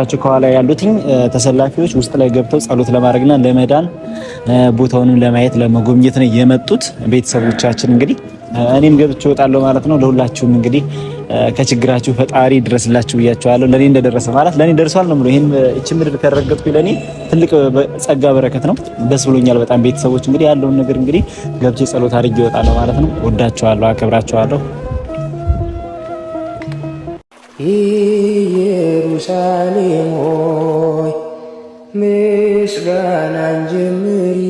ታች ከኋላ ያሉትኝ ተሰላፊዎች ውስጥ ላይ ገብተው ጸሎት ለማድረግና ለመዳን ቦታውንም ለማየት ለመጎብኘት ነው የመጡት ቤተሰቦቻችን። እንግዲህ እኔም ገብቼ እወጣለሁ ማለት ነው። ለሁላችሁም እንግዲህ ከችግራችሁ ፈጣሪ ድረስላችሁ ብያችኋለሁ። ለእኔ እንደደረሰ ማለት ለእኔ ደርሷል ነው ብሎ ይህን ምድር ከረገጥኩ ለእኔ ትልቅ ጸጋ በረከት ነው። ደስ ብሎኛል በጣም ቤተሰቦች። እንግዲህ ያለውን ነገር እንግዲህ ገብቼ ጸሎት አድርጌ እወጣለሁ ማለት ነው። ወዳችኋለሁ፣ አከብራችኋለሁ። ኢየሩሳሌም ሆይ ምስጋናን ጀምሪ፣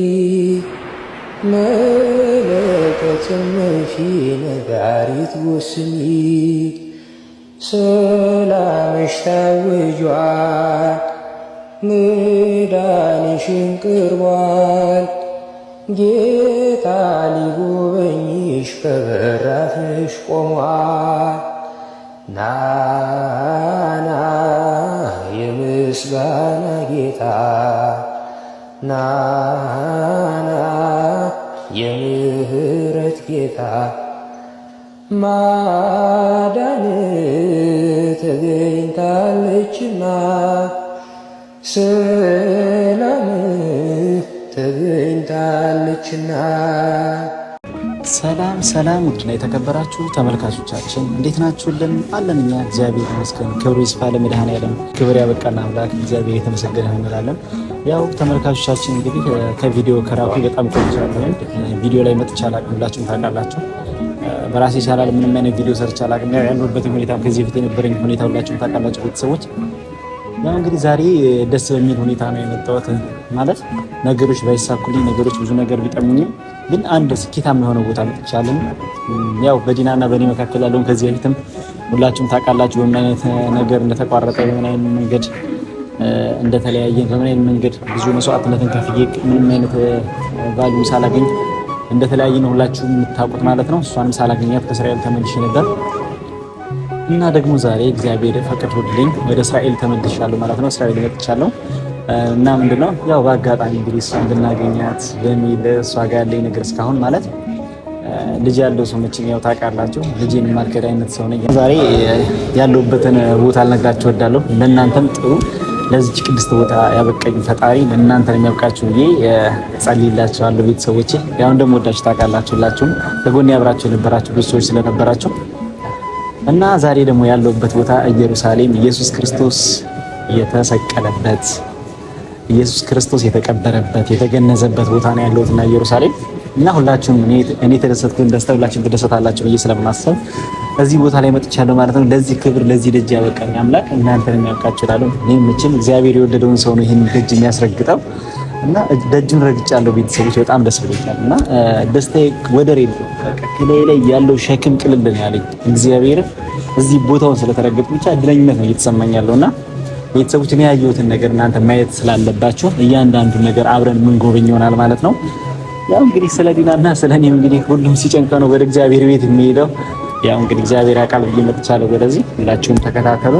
መለከትን ምፊ ነጋሪት ጎስሚ። ሰላምሽ ታውጇል፣ ምዳንሽን ቅርቧል። ጌታ ሊጎበኝሽ በበራፍሽ ቆሟል ና ምስጋና ጌታ ናና የምህረት ጌታ ማዳን ተገኝታለችና ሰላም ተገኝታለችና ሰላም ሰላም፣ ውድና የተከበራችሁ ተመልካቾቻችን እንዴት ናችሁልን? አለን እኛ እግዚአብሔር ይመስገን። ክብሩ ይስፋ ለመድኃኔዓለም። ክብር ያበቃና አምላክ እግዚአብሔር የተመሰገነ እንላለን። ያው ተመልካቾቻችን እንግዲህ ከቪዲዮ ከራሱ በጣም ቆይቻለሁ። ቪዲዮ ላይ መጥቻለሁ፣ ሁላችሁም ታውቃላችሁ። በራሴ ቻናል ምንም አይነት ቪዲዮ ሰርቻለሁ። ያለሁበትን ሁኔታ ከዚህ በፊት የነበረኝ ሁኔታ ሁላችሁም ታውቃላችሁ ቤተሰቦች ያው እንግዲህ ዛሬ ደስ በሚል ሁኔታ ነው የመጣሁት። ማለት ነገሮች ባይሳኩልኝ ነገሮች ብዙ ነገር ቢጠሙኝ ግን አንድ ስኬታማ የሆነ ቦታ መጥቻለሁ። ያው በዲናና በእኔ መካከል ያለውን ከዚህ በፊትም ሁላችሁም ታውቃላችሁ በምን አይነት ነገር እንደተቋረጠ በምን አይነት መንገድ እንደተለያየን በምን አይነት መንገድ ብዙ መስዋዕትነትን ከፍዬ ምንም አይነት ቫሊዩም ሳላገኝ እንደተለያየን ሁላችሁም የምታውቁት ማለት ነው። እሷንም ሳላገኛት ከእስራኤል ተመልሼ ነበር። እና ደግሞ ዛሬ እግዚአብሔር ፈቅዶልኝ ወደ እስራኤል ተመልሻለሁ ማለት ነው። እስራኤል መጥቻለሁ እና ምንድነው ያው በአጋጣሚ እንግዲህ እሷ እንድናገኛት በሚል እሷ ጋር ያለኝ ነገር እስካሁን ማለት ልጅ ያለው ሰው መቼም ያው ታውቃላችሁ፣ ልጄን የማልከድ አይነት ሰው ነኝ። ዛሬ ያለሁበትን ቦታ ልነግራችሁ እወዳለሁ። ለእናንተም ጥሩ ለዚች ቅድስት ቦታ ያበቀኝ ፈጣሪ ለእናንተ የሚያውቃችሁ ብዬ ጸልይላችኋለሁ። ቤተሰቦቼ ያው እንደምወዳችሁ ታውቃላችሁ። ሁላችሁም ከጎኔ አብራችሁ የነበራችሁ ብዙ ሰዎች ስለነበራችሁ እና ዛሬ ደግሞ ያለሁበት ቦታ ኢየሩሳሌም ኢየሱስ ክርስቶስ የተሰቀለበት ኢየሱስ ክርስቶስ የተቀበረበት የተገነዘበት ቦታ ነው ያለሁት እና ኢየሩሳሌም እና ሁላችሁም እኔ የተደሰትኩን ደስታ ሁላችሁም ትደሰታላችሁ ብዬ ስለማሰብ እዚህ ቦታ ላይ መጥቻለሁ ማለት ነው። ለዚህ ክብር ለዚህ ደጅ ያበቃኝ አምላክ እናንተን የሚያውቃችሁ እላለሁ። ይህም ምችል እግዚአብሔር የወደደውን ሰው ነው ይህን ደጅ የሚያስረግጠው። እና ደጅን ረግጫለሁ። ቤተሰቦች በጣም ደስ ብሎኛል እና ደስታዬ ወደር የለውም። ከላይ ላይ ያለው ሸክም ቅልል ያለኝ። እግዚአብሔር እዚህ ቦታውን ስለተረገጡ ብቻ እድለኝነት ነው እየተሰማኝ ያለው እና ቤተሰቦች እኔ ያየሁትን ነገር እናንተ ማየት ስላለባችሁ እያንዳንዱ ነገር አብረን የምንጎበኝ ይሆናል ማለት ነው። ያው እንግዲህ ስለ ዲናና ስለ እኔም እንግዲህ ሁሉም ሲጨንቀ ነው ወደ እግዚአብሔር ቤት የሚሄደው። ያው እንግዲህ እግዚአብሔር አቃል ብዬ መጥቻለሁ ወደዚህ። ሁላችሁም ተከታተሉ።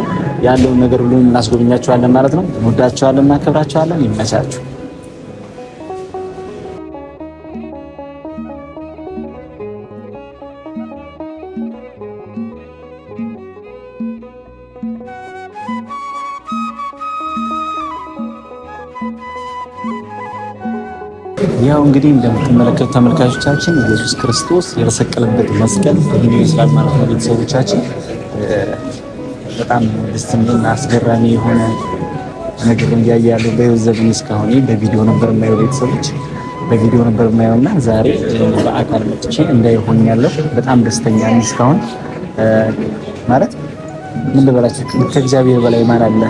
ያለውን ነገር ሁሉም እናስጎብኛችኋለን ማለት ነው። እንወዳችኋለን፣ እናከብራችኋለን። ይመቻችሁ። ያው እንግዲህ እንደምትመለከቱ ተመልካቾቻችን ኢየሱስ ክርስቶስ የተሰቀለበት መስቀል ይህን ይመስላል ማለት ነው። ቤተሰቦቻችን በጣም ደስ የሚልና አስገራሚ የሆነ ነገር እያየ ያለው በህይወት ዘመን እስካሁን በቪዲዮ ነበር የማየው ቤተሰቦች በቪዲዮ ነበር የማየው እና ዛሬ በአካል መጥቼ እንዳይሆን ያለው በጣም ደስተኛ እስካሁን ማለት ምን ልበላችሁ ከእግዚአብሔር በላይ ማን አለ?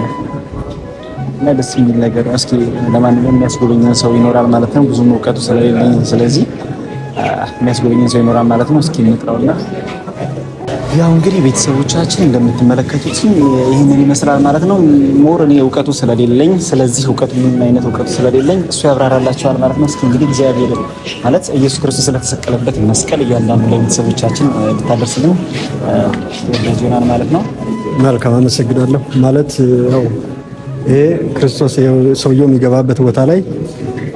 እና ደስ የሚል ነገር እስኪ ለማንኛውም የሚያስጎበኝን ሰው ይኖራል ማለት ነው። ብዙም እውቀቱ ስለሌለኝ ስለዚህ የሚያስጎበኘን ሰው ይኖራል ማለት ነው። እስኪ እንጥረውና ያው እንግዲህ ቤተሰቦቻችን እንደምትመለከቱት ይህንን ይመስላል ማለት ነው። ሞር እኔ እውቀቱ ስለሌለኝ ስለዚህ እውቀቱ ምን አይነት እውቀቱ ስለሌለኝ እሱ ያብራራላቸዋል ማለት ነው። እስኪ እንግዲህ እግዚአብሔር ማለት ኢየሱስ ክርስቶስ ስለተሰቀለበት መስቀል እያንዳንዱ ለቤተሰቦቻችን ብታደርስልን ወዳጅ ይሆናል ማለት ነው። መልካም አመሰግናለሁ ማለት ያው ይሄ ክርስቶስ ሰውየው የሚገባበት ቦታ ላይ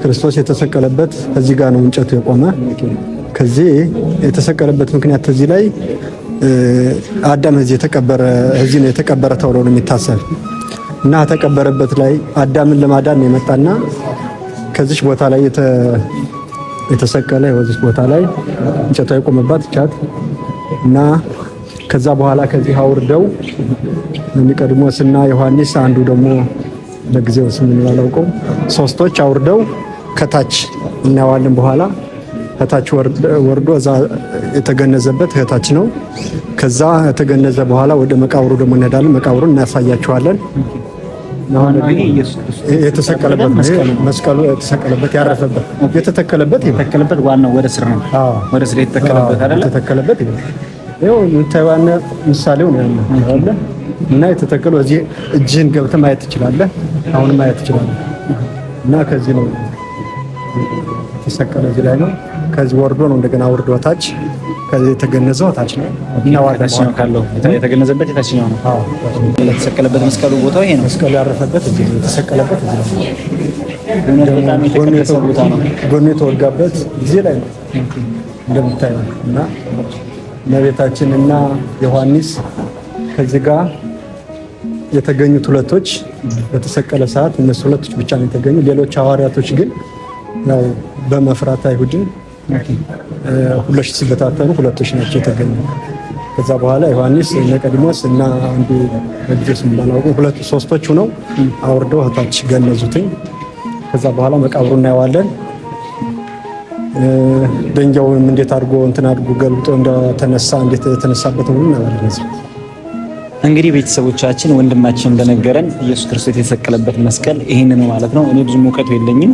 ክርስቶስ የተሰቀለበት እዚህ ጋር ነው እንጨቱ የቆመ። ከዚህ የተሰቀለበት ምክንያት እዚህ ላይ አዳም እዚህ የተቀበረ እዚህ ነው የተቀበረ ተብሎ ነው የሚታሰብ እና ተቀበረበት ላይ አዳምን ለማዳን የመጣና ከዚች ቦታ ላይ የተሰቀለ ወዚህ ቦታ ላይ እንጨቷ የቆመባት ቻት እና ከዛ በኋላ ከዚህ አውርደው ኒቆዲሞስ እና ዮሐንስ አንዱ ደግሞ ለጊዜው ስም ባላውቀው ሶስቶች አውርደው ከታች እናየዋለን። በኋላ ከታች ወርዶ እዛ የተገነዘበት ከታች ነው። ከዛ የተገነዘ በኋላ ወደ መቃብሩ ደግሞ እንሄዳለን። መቃብሩን እናያሳያቸዋለን። የተሰቀለበት መስቀሉ የተሰቀለበት ያረፈበት የተተከለበት የተተከለበት ዋናው ወደ ስር ነው። ወደ ስር የተተከለበት አይደለ? የተተከለበት ይሄ ይኸው ታይዋን ምሳሌው ነው ያለው እና የተተከለው እዚህ እጅህን ገብተህ ማየት ትችላለህ። አሁን ማየት ትችላለህ። እና ከዚህ ነው የተሰቀለው፣ እዚህ ላይ ነው። ከዚህ ወርዶ ነው እንደገና ወርዶ ታች ከዚህ የተገነዘው ታች ነው እና ዋዳ ካለው የተገነዘበት የታችኛው ነው። አዎ የተሰቀለበት መስቀሉ ቦታው ይሄ ነው። መስቀሉ ያረፈበት እዚህ ነው የተሰቀለበት እዚህ ነው። ጎኑ የተወጋበት ጊዜ ላይ ነው እንደምታየው እና እመቤታችንና ዮሐንስ ከዚህ ጋር የተገኙት ሁለቶች በተሰቀለ ሰዓት እነሱ ሁለቶች ብቻ ነው የተገኙ። ሌሎች ሐዋርያቶች ግን ያው በመፍራት አይሁድን ሁለሽ ሲበታተኑ ሁለቶች ናቸው የተገኙ። ከዛ በኋላ ዮሐንስ መቀድሞስ እና አንዱ መግደስ ባላውቁ ሁለቱ ሶስቶች ሁነው አውርደው እህታች ገነዙትኝ። ከዛ በኋላ መቃብሩ እናየዋለን። ደንጃውንም እንዴት አድርጎ እንትን አድርጎ ገልብጦ እንደተነሳ እንዴት የተነሳበት ሁሉ ነበር። እንግዲህ ቤተሰቦቻችን ወንድማችን እንደነገረን ኢየሱስ ክርስቶስ የተሰቀለበት መስቀል ይህን ነው ማለት ነው። እኔ ብዙም እውቀቱ የለኝም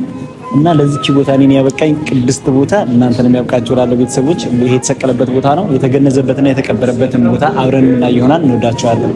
እና ለዚች ቦታ እኔን ያበቃኝ ቅድስት ቦታ እናንተንም ያብቃችሁ። ላለ ቤተሰቦች ይሄ የተሰቀለበት ቦታ ነው የተገነዘበትና የተቀበረበትን ቦታ አብረን እና ይሆናል። እንወዳቸዋለን።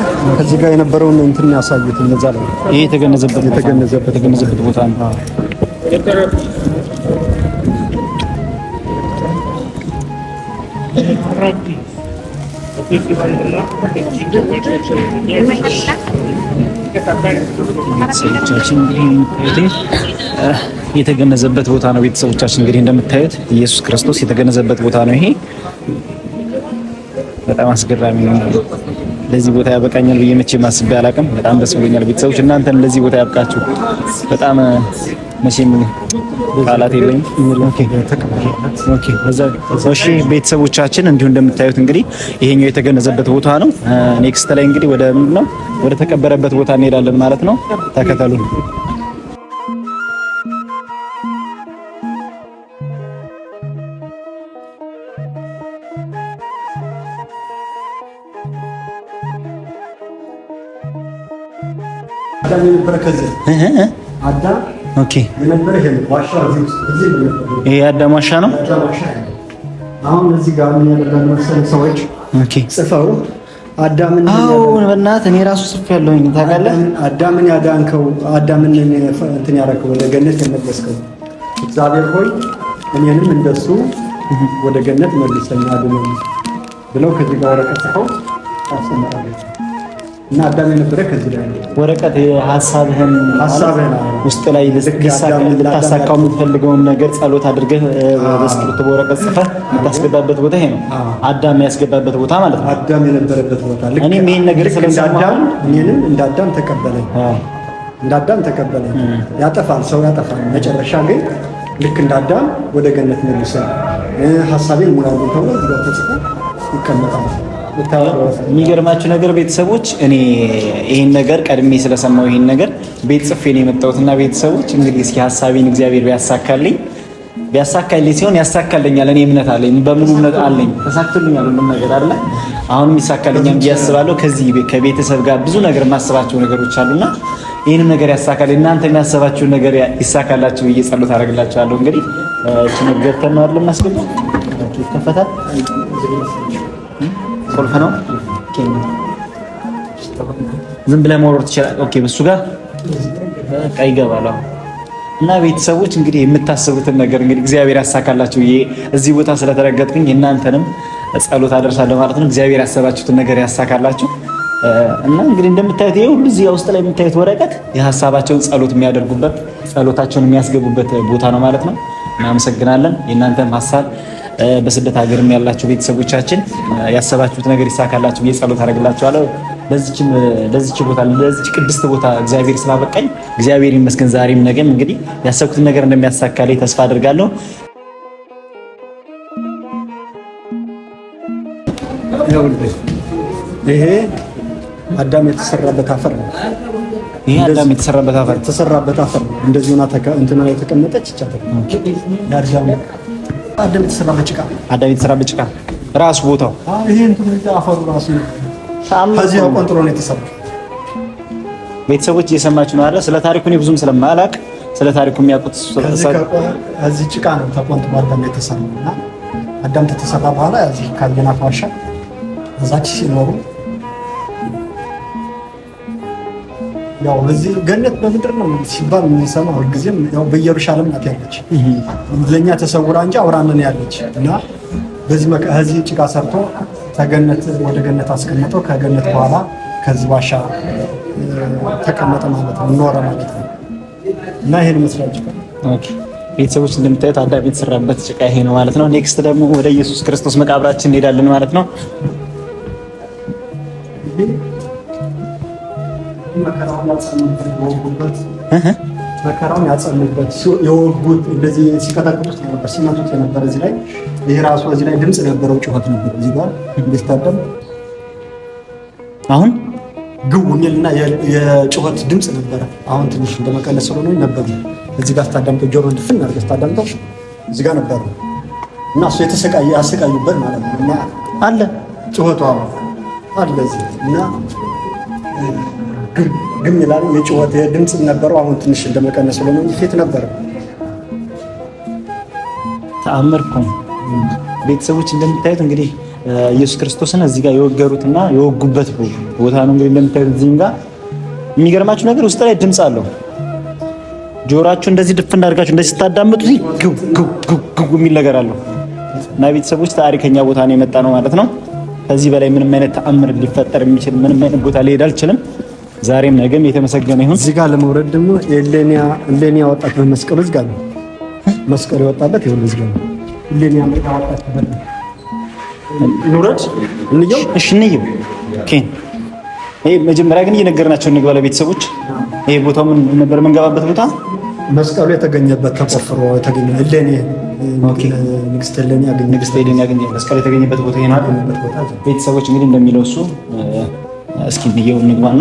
አለ። ከዚህ ጋር የነበረውን እንትን ያሳዩት እነዛ ላይ ይሄ የተገነዘበት የተገነዘበት የተገነዘበት ቦታ ነው። ቤተሰቦቻችን የተገነዘበት ቦታ ነው። ቤተሰቦቻችን እንግዲህ እንደምታዩት ኢየሱስ ክርስቶስ የተገነዘበት ቦታ ነው። ይሄ በጣም አስገራሚ ነው። ለዚህ ቦታ ያበቃኛል ብዬ መቼ አስቤ አላቅም። በጣም ደስ ብሎኛል። ቤተሰቦች እናንተን ለዚህ ቦታ ያብቃችሁ። በጣም መቼም ቃላት የለኝም። ቤተሰቦቻችን እንዲሁ እንደምታዩት እንግዲህ ይሄኛው የተገነዘበት ቦታ ነው። ኔክስት ላይ እንግዲህ ወደ ምንድን ነው ወደ ተቀበረበት ቦታ እንሄዳለን ማለት ነው። ተከተሉ። ይሄ አዳም ዋሻ ነው። አሁን እዚህ ጋር ሰዎች ጽፈው አዳምን በእናትህ እኔ ራሱ ጽፍ ያለሁኝ ታውቃለህ። አዳምን ያዳንከው አዳምን እንትን ያደረከው ወደ ገነት የመለስከው እግዚአብሔር ሆይ እኔንም እንደሱ ወደ ገነት መልሰኛ አድነኝ ብለው ከዚህ ጋር ወረቀት ጽፈው ታሰማራለች። እና አዳም የነበረ ከዚህ ላይ ወረቀት ሀሳብህን ሀሳብህን ውስጥ ላይ ልታሳካው የምትፈልገውን ነገር ጸሎት አድርገህ በስክሪፕት በወረቀት ጽፈህ የምታስገባበት ቦታ ይሄ ነው። አዳም ያስገባበት ቦታ ማለት ነው። አዳም የነበረበት ቦታ። እኔም ይህን ነገር ስለሰማሁ እኔንም እንደ አዳም ተቀበለኝ፣ እንደ አዳም ተቀበለኝ። ያጠፋል፣ ሰው ያጠፋል። መጨረሻ ግን ልክ እንደ አዳም ወደ ገነት መልሰ ሀሳቤን ሙላልኝ ተብሎ ተጽፎ ይቀመጣል። የሚገርማችሁ ነገር ቤተሰቦች፣ እኔ ይህን ነገር ቀድሜ ስለሰማው ይህን ነገር ቤት ጽፌ ነው የመጣሁትና ቤተሰቦች እንግዲህ እስኪ ሀሳቤን እግዚአብሔር ቢያሳካልኝ ቢያሳካልኝ ሲሆን ያሳካልኛል። እኔ እምነት አለኝ፣ በሙሉ እምነት አለኝ። ተሳክቶልኛል ሁሉም ነገር አለ። አሁንም ይሳካልኛል ብዬ አስባለሁ። ከዚህ ከቤተሰብ ጋር ብዙ ነገር የማስባቸው ነገሮች አሉና ይህንም ነገር ያሳካል፣ እናንተ የሚያስባችሁን ነገር ይሳካላችሁ ብዬ ጸሎት አደርግላችኋለሁ። እንግዲህ ችንገር ተማር ለማስገባ ይከፈታል ቁልፍ ነው። ዝም ብለህ መወርወር ትችላለህ። ኦኬ፣ ጋር በቃ ይገባል። እና ቤተሰቦች እንግዲህ የምታስቡትን ነገር እንግዲህ እግዚአብሔር ያሳካላችሁ። ይሄ እዚህ ቦታ ስለተረገጥኩኝ የእናንተንም ጸሎት አደርሳለሁ ማለት ነው። እግዚአብሔር ያሰባችሁትን ነገር ያሳካላችሁ። እና እንግዲህ እንደምታዩት ይሄ ሁሉ እዚህ ውስጥ ላይ የምታዩት ወረቀት የሀሳባቸውን ጸሎት የሚያደርጉበት ጸሎታቸውን የሚያስገቡበት ቦታ ነው ማለት ነው። እናመሰግናለን። የእናንተም ሀሳብ በስደት ሀገርም ያላችሁ ቤተሰቦቻችን ያሰባችሁት ነገር ይሳካላችሁ ብዬ ጸሎት አደርግላችኋለሁ። ለዚች ቦታ ለዚች ቅድስት ቦታ እግዚአብሔር ስላበቃኝ እግዚአብሔር ይመስገን። ዛሬም ነገም እንግዲህ ያሰብኩትን ነገር እንደሚያሳካልኝ ተስፋ አድርጋለሁ። ይሄ አዳም የተሰራበት አፈር ነው። ይሄ አዳም የተሰራበት አፈር ነው። እንደዚህ ሆና እንትና ላይ የተቀመጠች ይቻላል። አዳም የተሰራ በጭቃ አዳም የተሰራ በጭቃ ራሱ ቦታው ይሄ ትምህርት አፈሩ ራሱ ከዚህ ቆንጥሮ ነው የተሰራ። ቤተሰቦች እየሰማችሁ ነው አይደል? ስለ ታሪኩ እኔ ብዙም ስለማላቅ ስለ ታሪኩ የሚያውቁት እዚህ ጭቃ ነው ተቆንጥሮ አዳም የተሰራና አዳም ከተሰራ በኋላ እዚህ ካየናት ዋሻ እዛች ሲኖሩ ያው እዚህ ገነት በምድር ነው ሲባል የምንሰማ ሁልጊዜም ያው በኢየሩሳሌም ናት ያለች ለእኛ ተሰውራ እንጂ አውራንን ያለች እና በዚህ ከዚህ ጭቃ ሰርቶ ከገነት ወደ ገነት አስቀምጦ ከገነት በኋላ ከዚህ ዋሻ ተቀመጠ ማለት ነው ኖረ ማለት ነው እና ይሄን መስላል ቤተሰቦች እንደምታዩት አዳም የተሰራበት ጭቃ ይሄ ነው ማለት ነው። ኔክስት ደግሞ ወደ ኢየሱስ ክርስቶስ መቃብራችን እንሄዳለን ማለት ነው። መከራውን ያጸኑበት የወጉት እንደዚህ ሲቀጠቅጡት ነበር፣ ሲመቱት የነበረ እዚህ ላይ ይህ ራሱ እዚህ ላይ ድምፅ ነበረው፣ ጩኸት ነበር እዚህ ጋር እንድታደም አሁን ግቡ የሚልና የጩኸት ድምፅ ነበረ። አሁን ትንሽ እንደመቀነስ ስለሆነ ነበር እዚህ ጋር ስታዳምጠው ጆሮ ድፍን አድርገህ ስታዳምጠው እዚህ ጋር ነበረ እና እሱ የተሰቃየ ያሰቃዩበት ማለት ነው እና አለ ጩኸቱ አለ እዚህ እና ግም ይላል። የጭወት ድምፅ ነበረው። አሁን ትንሽ እንደመቀነስ ብሎ ፊት ነበር። ተአምር እኮ ቤተሰቦች እንደምታዩት እንግዲህ ኢየሱስ ክርስቶስን እዚህ ጋር የወገሩትና የወጉበት ቦታ ነው። እንግዲህ እንደምታዩት እዚህም ጋር የሚገርማችሁ ነገር ውስጥ ላይ ድምፅ አለው። ጆሮአችሁ እንደዚህ ድፍ እናድርጋችሁ እንደዚህ ስታዳምጡ ግብ ግብ የሚል ነገር አለው እና ቤተሰቦች ታሪከኛ ቦታ ነው የመጣ ነው ማለት ነው። ከዚህ በላይ ምንም አይነት ተአምር ሊፈጠር የሚችል ምንም አይነት ቦታ ሊሄድ አልችልም። ዛሬም ነገም የተመሰገነ ይሁን። እዚህ ጋር ለመውረድ ደግሞ የእሌኒ ወጣት በመስቀሉ እዚህ ጋር ነው መስቀሉ የወጣበት ይሁን እዚህ ጋር ነው እሌኒ ወጣት ኑረድ እንየው። እሺ እንየው። ኬን ይሄ መጀመሪያ ግን እየነገርናቸው እንግባ ለቤተሰቦች። ይሄ ቦታው ምን ነበር የምንገባበት ቦታ? መስቀሉ የተገኘበት ተቆፍሮ የተገኘ እሌኒ ንግስት እሌኒ ያገኘ መስቀሉ የተገኘበት ቦታ ይሄ ነው። ቤተሰቦች እንግዲህ እንደሚለው እሱ እስኪ እንየው እንግባና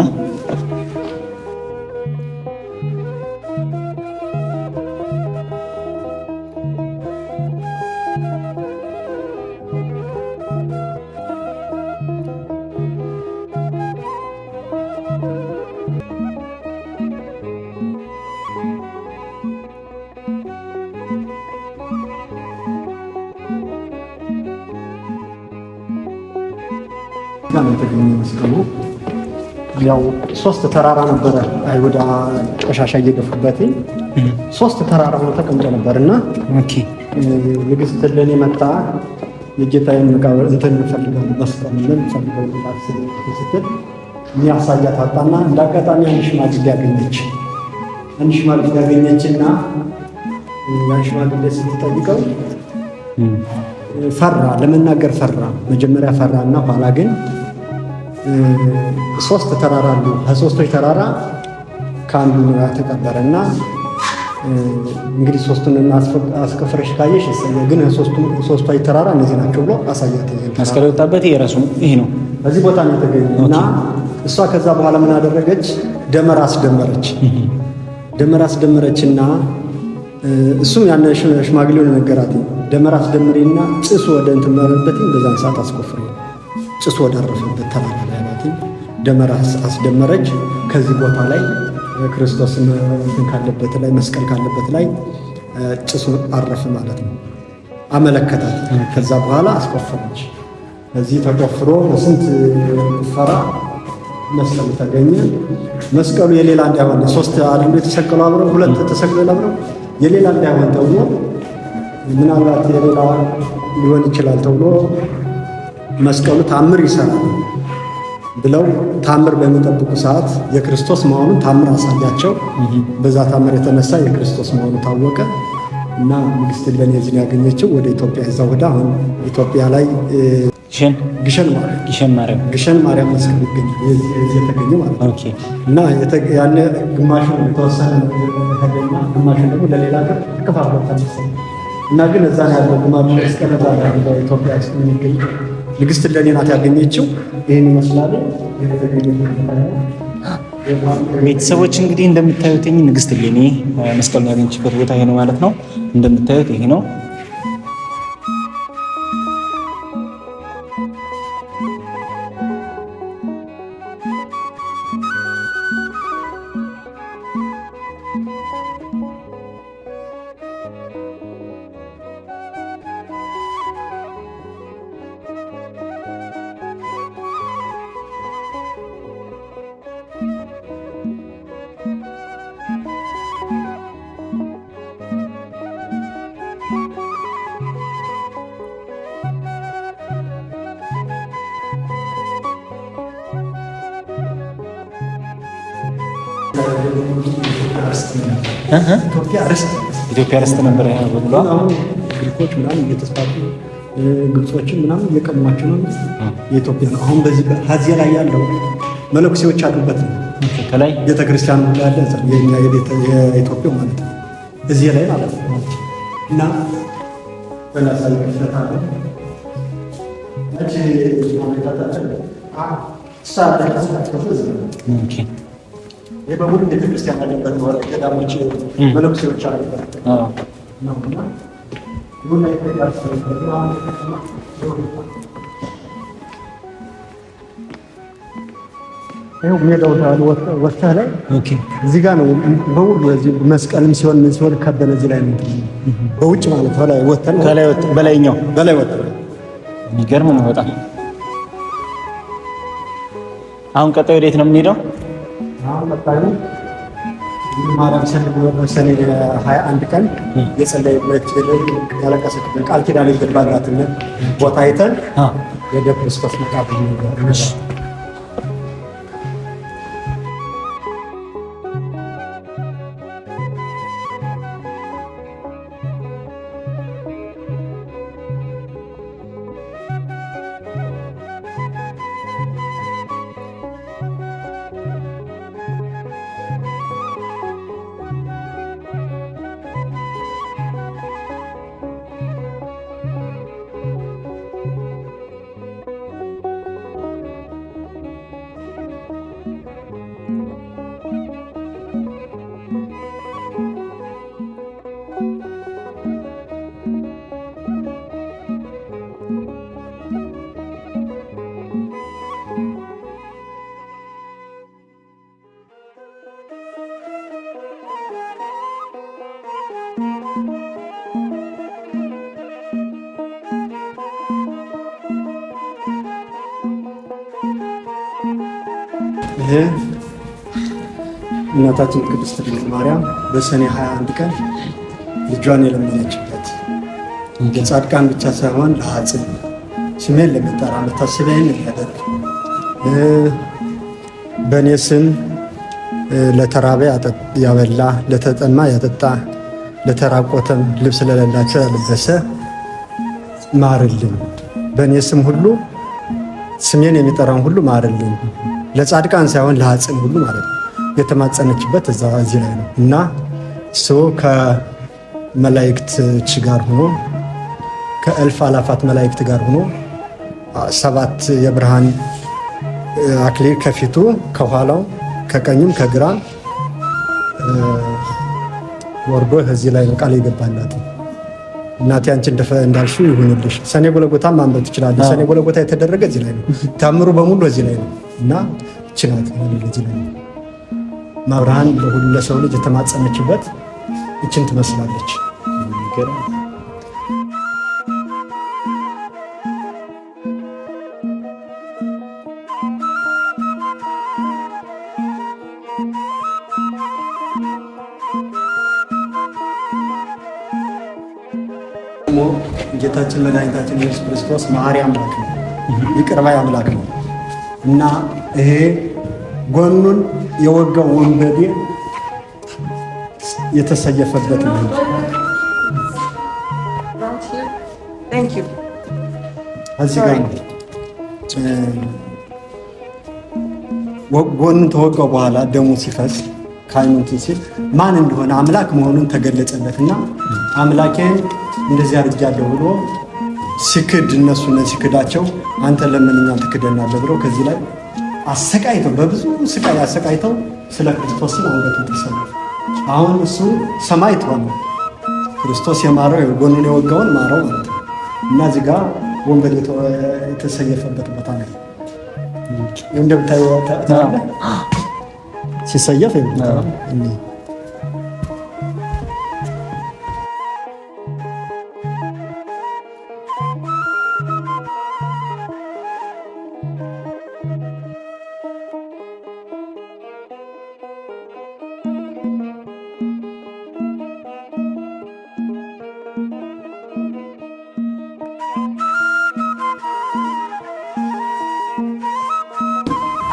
መስቀሉ ያው ሶስት ተራራ ነበረ። አይሁዳ ቆሻሻ እየገፉበት ሶስት ተራራ ሆኖ ተቀምጦ ነበር እና ንግስት ለእኔ መጣ የጌታዬን መቃብር እንትን እንፈልጋለን መስቀል ምን ፈልገው ስትል የሚያሳያት አጣና እንደ አጋጣሚ አንድ ሽማግሌ ያገኘች አንድ ሽማግሌ ያገኘችና ያን ሽማግሌ ስትጠይቀው ፈራ፣ ለመናገር ፈራ። መጀመሪያ ፈራ እና ኋላ ግን ሶስት ተራራ አሉ። ከሶስቶች ተራራ ከአንዱ ነው ተቀበረ እና እንግዲህ ሶስቱን አስከፍረሽ ካየሽ ይሰየ ግን ሶስቱ ተራራ እነዚህ ናቸው ብሎ አሳያት። አስከለጣበት የራሱ ይሄ ነው። በዚህ ቦታ ነው የተገኘው እና እሷ ከዛ በኋላ ምን አደረገች? ደመራ አስደመረች። ደመራ አስደመረችና እሱም ያን ሽማግሌውን ነገራት። ደመራ አስደምሬና ጭሱ ወደ እንትን መረበትኝ በዛን ሰዓት አስቆፍረኝ ጭስ ወዳረፈበት ተባለ። ላይ ናትኝ ደመራ አስደመረች። ከዚህ ቦታ ላይ ክርስቶስ ካለበት ላይ መስቀል ካለበት ላይ ጭሱ አረፈ ማለት ነው። አመለከታት። ከዛ በኋላ አስቆፈረች። እዚህ ተቆፍሮ በስንት ፈራ መስቀሉ ተገኘ። መስቀሉ የሌላ እንዳይሆን ሶስት አድርጎ የተሰቀሉ አብረ ሁለት ተሰቅሎ አብረው የሌላ እንዳይሆን ተብሎ ምናልባት የሌላ ሊሆን ይችላል ተብሎ መስቀሉ ታምር ይሰራል ብለው ታምር በሚጠብቁ ሰዓት የክርስቶስ መሆኑን ታምር አሳያቸው። በዛ ታምር የተነሳ የክርስቶስ መሆኑ ታወቀ እና ንግስት እሌኒ የዚህን ያገኘችው ወደ ኢትዮጵያ ይዛ ወደ አሁን ኢትዮጵያ ላይ ግሸን ማርያም ግሸን ማርያም መስቀል ይገኛል የተገኘ ማለት ነው። እና ያለ ግማሽ የተወሰነ ተገኛ ግማሽ ደግሞ ለሌላ ሀገር ከፋፍሎ እና ግን እዛን ያለው ግማሽ መስቀል እዛ ኢትዮጵያ ውስጥ የሚገኝ ንግስት ለኔ ናት ያገኘችው። ይህን ይመስላል። ቤተሰቦች እንግዲህ እንደምታዩት ንግስት ለኔ መስቀሉን ያገኘችበት ቦታ ይሄ ነው ማለት ነው። እንደምታዩት ይሄ ነው። ኢትዮጵያ ርስት ነበር ብሏ ግሪኮች ምናምን እየተስፋፉ ግብጾችን ምናምን እየቀሟቸው ነው የኢትዮጵያ ነው። አሁን በዚህ ሀዚያ ላይ ያለው መነኩሴዎች አሉበት ነው። ከላይ ቤተክርስቲያን ያለ የኛ የኢትዮጵያ ማለት ነው። እዚህ ላይ ማለት ነው እና ይህ በሙሉ ቤተክርስቲያን ያለበት ሆነ ገዳሞች መለኩሴዎች አለበት ነውና ይኸው ሜዳው ወጥተህ ላይ እዚህ ጋር ነው በሁሉ መስቀልም ሲሆን ምን ሲሆን ከበነ እዚህ ላይ ነው በውጭ ማለት ከላይ ወጥተን ከላይ ወጥተን በላይኛው በላይ ወጥተን የሚገርም ነው በጣም አሁን ቀጣይ ወዴት ነው የምንሄደው አሁን ቀጣዩ ማርያም ሰለሞን ሰኔ 21 ቀን የጸለየበት ያለቀሰችበት ቃል ኪዳን የገባላትን ቦታ አይተን የደብረ ክርስቶስ መቃብር እናታችን ቅድስት ድንግል ማርያም በሰኔ 21 ቀን ልጇን የለመነችበት ለጻድቃን ብቻ ሳይሆን ለአጽም ስሜን ለሚጠራ መታሰቢያን የሚያደርግ በእኔ ስም ለተራበ ያበላ፣ ለተጠማ ያጠጣ፣ ለተራቆተም ልብስ ለሌላቸው ያለበሰ ማርልን፣ በእኔ ስም ሁሉ ስሜን የሚጠራን ሁሉ ማርልን። ለጻድቃን ሳይሆን ለአጽም ሁሉ ማለት ነው። የተማጸነችበት እዛ እዚህ ላይ ነው እና እሱ ከመላእክት ጋር ሆኖ ከእልፍ አላፋት መላእክት ጋር ሆኖ ሰባት የብርሃን አክሊል ከፊቱ ከኋላው ከቀኙም ከግራ ወርዶ እዚህ ላይ ቃል ይገባላት። እናቴ አንቺ እንዳልሹ ይሁንልሽ። ሰኔ ጎለጎታ ማንበብ ትችላለሽ። ሰኔ ጎለጎታ የተደረገ እዚህ ላይ ነው። ታምሩ በሙሉ እዚህ ላይ ነው እና ችላት እዚህ ላይ ነው። መብርሃን ለሰው ልጅ የተማጸነችበት እችን ትመስላለች። ጌታችን መድኃኒታችን ኢየሱስ ክርስቶስ መሐሪ አምላክ ነው፣ ይቅር ባይ አምላክ ነው እና ይሄ ጎኑን የወጋው ወንበዴ የተሰየፈበት ነው። እዚህ ጋር ጎኑን ተወጋው በኋላ ደሙ ሲፈስ ከአይኑትን ሲል ማን እንደሆነ አምላክ መሆኑን ተገለጸለትና አምላኬን እንደዚህ አድርጊያለሁ ብሎ ሲክድ እነሱ ሲክዳቸው አንተ ለምን እኛን ትክደናለህ ብለው ከዚህ ላይ አሰቃይተው በብዙ ስቃይ አሰቃይተው ስለ ክርስቶስ አንገት ተሰለፈ። አሁን እሱ ሰማይ ሆነ። ክርስቶስ የማረው ጎኑን የወጋውን ማረው ማለት ነው እና እዚህ ጋር ወንበዴ የተሰየፈበት ቦታ ላይ እንደምታየው ሲሰየፍ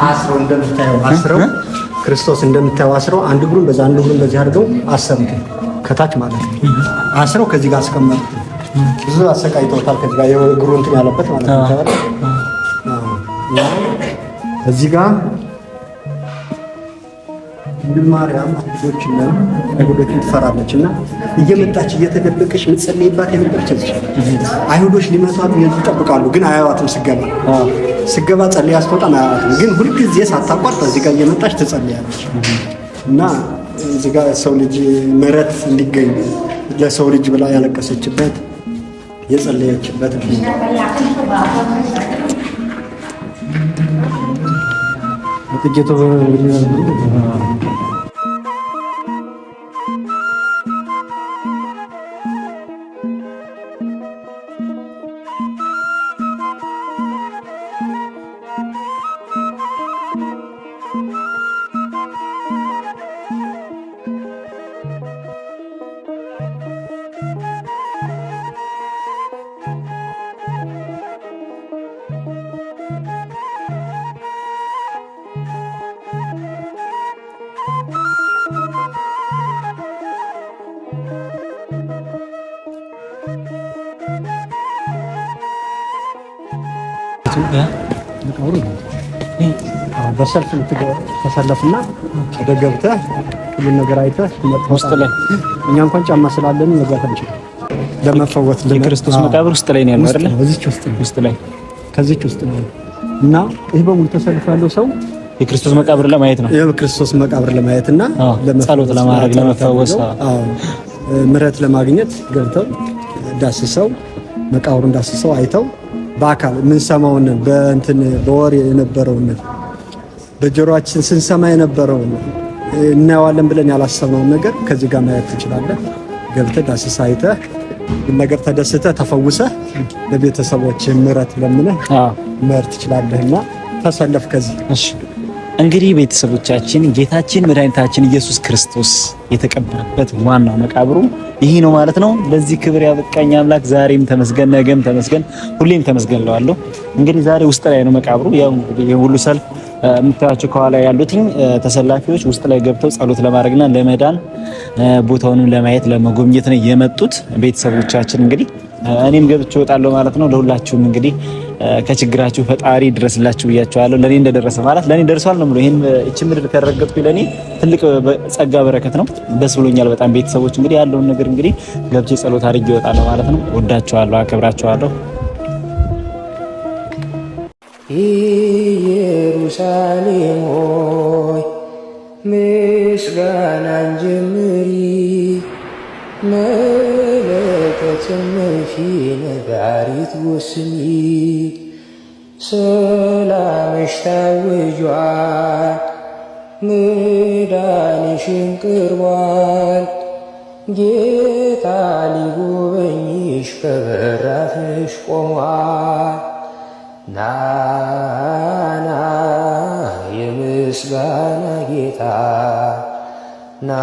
አስረው እንደምታየው አስረው ክርስቶስ እንደምታየው አስረው አንድ እግሩን በዛ አንድ እግሩን በዚህ አድርገው አሰሩት፣ ከታች ማለት ነው። አስረው ከዚህ ጋር አስቀመጡ። ብዙ አሰቃይተውታል። ከዚህ ጋር የእግሩ እንትን ያለበት ማለት ነው። እዚህ ጋር ድንግል ማርያም ልጆችንም አይሁዶችን ትፈራለች እና እየመጣች እየተደበቀች ምጸልይባት የነበረች ነች። አይሁዶች ሊመቷት ይጠብቃሉ፣ ግን አያዋትም። ስገባ ስገባ ጸልያ ስትወጣም አያዋትም። ግን ሁልጊዜ ሳታቋርጥ እዚህ ጋር እየመጣች ትጸልያለች እና እዚህ ጋር ሰው ልጅ ምሕረት እንዲገኝ ለሰው ልጅ ብላ ያለቀሰችበት የጸለየችበት ነው። አውሩ በሰልፍ ተሰለፍና ወደ ገብተህ ሁሉን ነገር አይተህ ውስጥ ላይ እኛ እንኳን ጫማ ስላለን መግባት አንችልም። ለመፈወት የክርስቶስ መቃብር ውስጥ ላይ ነው ያለው ውስጥ ላይ ከዚች ውስጥ ነው እና ይህ በሙሉ ተሰልፍ ያለው ሰው የክርስቶስ መቃብር ለማየት ነው። የክርስቶስ መቃብር ለማየት እና ጸሎት ለማድረግ ለመፈወስ፣ ምሕረት ለማግኘት ገብተው ዳስሰው መቃብሩን ዳስሰው አይተው በአካል የምንሰማውን በእንትን በወር የነበረውን በጆሮችን ስንሰማ የነበረውን እናየዋለን ብለን ያላሰብነውን ነገር ከዚህ ጋር ማየት ትችላለህ። ገብተህ ዳስሳ አይተህ ነገር ተደስተህ ተፈውሰህ ለቤተሰቦች ምረት ለምነህ መር ትችላለህና ተሰለፍ ከዚህ እንግዲህ ቤተሰቦቻችን ጌታችን መድኃኒታችን ኢየሱስ ክርስቶስ የተቀበረበት ዋናው መቃብሩ ይህ ነው ማለት ነው። ለዚህ ክብር ያበቃኝ አምላክ ዛሬም ተመስገን፣ ነገም ተመስገን፣ ሁሌም ተመስገን እለዋለሁ። እንግዲህ ዛሬ ውስጥ ላይ ነው መቃብሩ። ያው ሁሉ ሰልፍ የምታያቸው ከኋላ ያሉትኝ ተሰላፊዎች ውስጥ ላይ ገብተው ጸሎት ለማድረግና ለመዳን ቦታውንም ለማየት ለመጎብኘት ነው የመጡት ቤተሰቦቻችን። እንግዲህ እኔም ገብቼ እወጣለሁ ማለት ነው። ለሁላችሁም እንግዲህ ከችግራችሁ ፈጣሪ ድረስላችሁ ብያችኋለሁ። ለኔ እንደደረሰ ማለት ለኔ ደርሷል ነው ብሎ ይሄን እቺ ምድር ከረገጥኩ ለኔ ትልቅ ጸጋ በረከት ነው። ደስ ብሎኛል በጣም ቤተሰቦች፣ እንግዲህ ያለውን ነገር እንግዲህ ገብቼ ጸሎት አድርጌ እወጣለሁ ማለት ነው። ወዳችኋለሁ፣ አከብራችኋለሁ። ኢየሩሳሌም ሆይ ምስጋናን ጀምሪ تمشي ነጋሪት ወስኒ ሰላምሽ ታውጇል፣ መዳንሽን ቅርቧል። ጌታ ሊጎበኝሽ በበራፍሽ ቆሟል። ናና የምስጋና ጌታ ና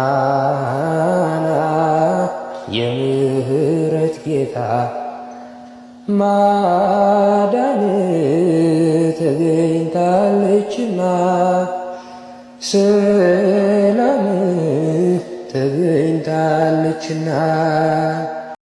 ጌታ ማዳን ተገኝታለችና ሰላም ተገኝታለችና